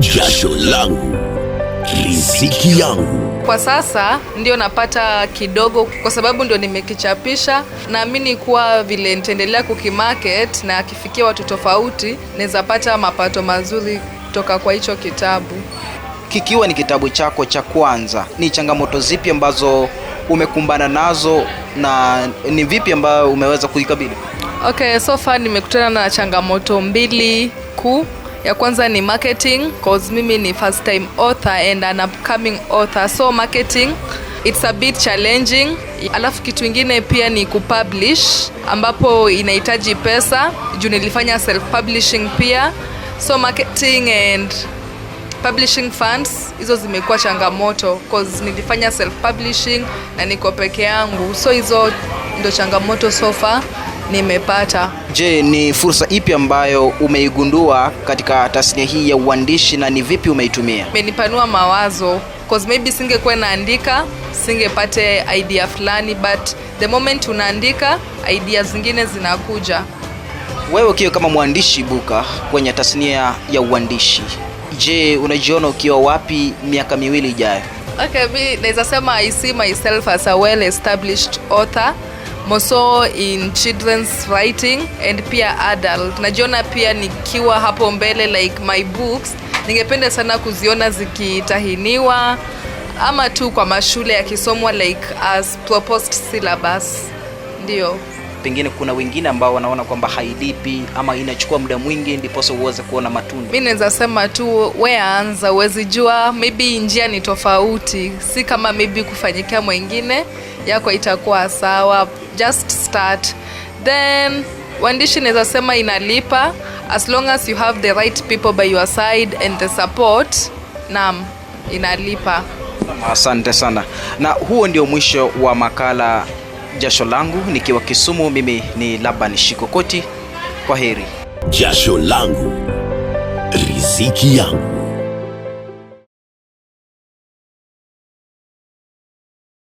jasho langu, riziki yangu. Kwa sasa ndio napata kidogo, kwa sababu ndio nimekichapisha. Naamini kuwa vile nitaendelea kukimarket na akifikia watu tofauti, naweza pata mapato mazuri kutoka kwa hicho kitabu. Kikiwa ni kitabu chako cha kwanza, ni changamoto zipi ambazo umekumbana nazo na ni vipi ambayo umeweza kuikabili? Okay, so far nimekutana na changamoto mbili kuu. Ya kwanza ni marketing cause mimi ni first time author and an upcoming author, so marketing it's a bit challenging. Alafu kitu ingine pia ni kupublish, ambapo inahitaji pesa juu nilifanya self publishing pia, so marketing and publishing funds hizo zimekuwa changamoto cause nilifanya self publishing na niko peke yangu, so hizo ndo changamoto so far nimepata. Je, ni fursa ipi ambayo umeigundua katika tasnia hii ya uandishi na ni vipi umeitumia? Imenipanua mawazo cause maybe singekuwa naandika singepate idea fulani, but the moment unaandika idea zingine zinakuja. Wewe ukiwa kama mwandishi buka kwenye tasnia ya uandishi, je, unajiona ukiwa wapi miaka miwili ijayo? Okay, mi naweza sema I see myself as a well established author moso in children's writing and pia adult. Najiona pia nikiwa hapo mbele like my books, ningependa sana kuziona zikitahiniwa ama tu kwa mashule yakisomwa like as proposed syllabus. Ndio pengine kuna wengine ambao wanaona kwamba hailipi ama inachukua muda mwingi ndiposa uweze kuona matunda. Mimi naweza sema tu we anza, uwezi jua, maybe njia ni tofauti, si kama maybe kufanyikia mwingine yako itakuwa sawa. Just start then wandishi naweza sema inalipa as long as you have the right people by your side and the support. nam inalipa. Asante sana, na huo ndio mwisho wa makala jasho langu nikiwa Kisumu. Mimi ni Laban Shikokoti, kwa heri. Jasho langu riziki yangu.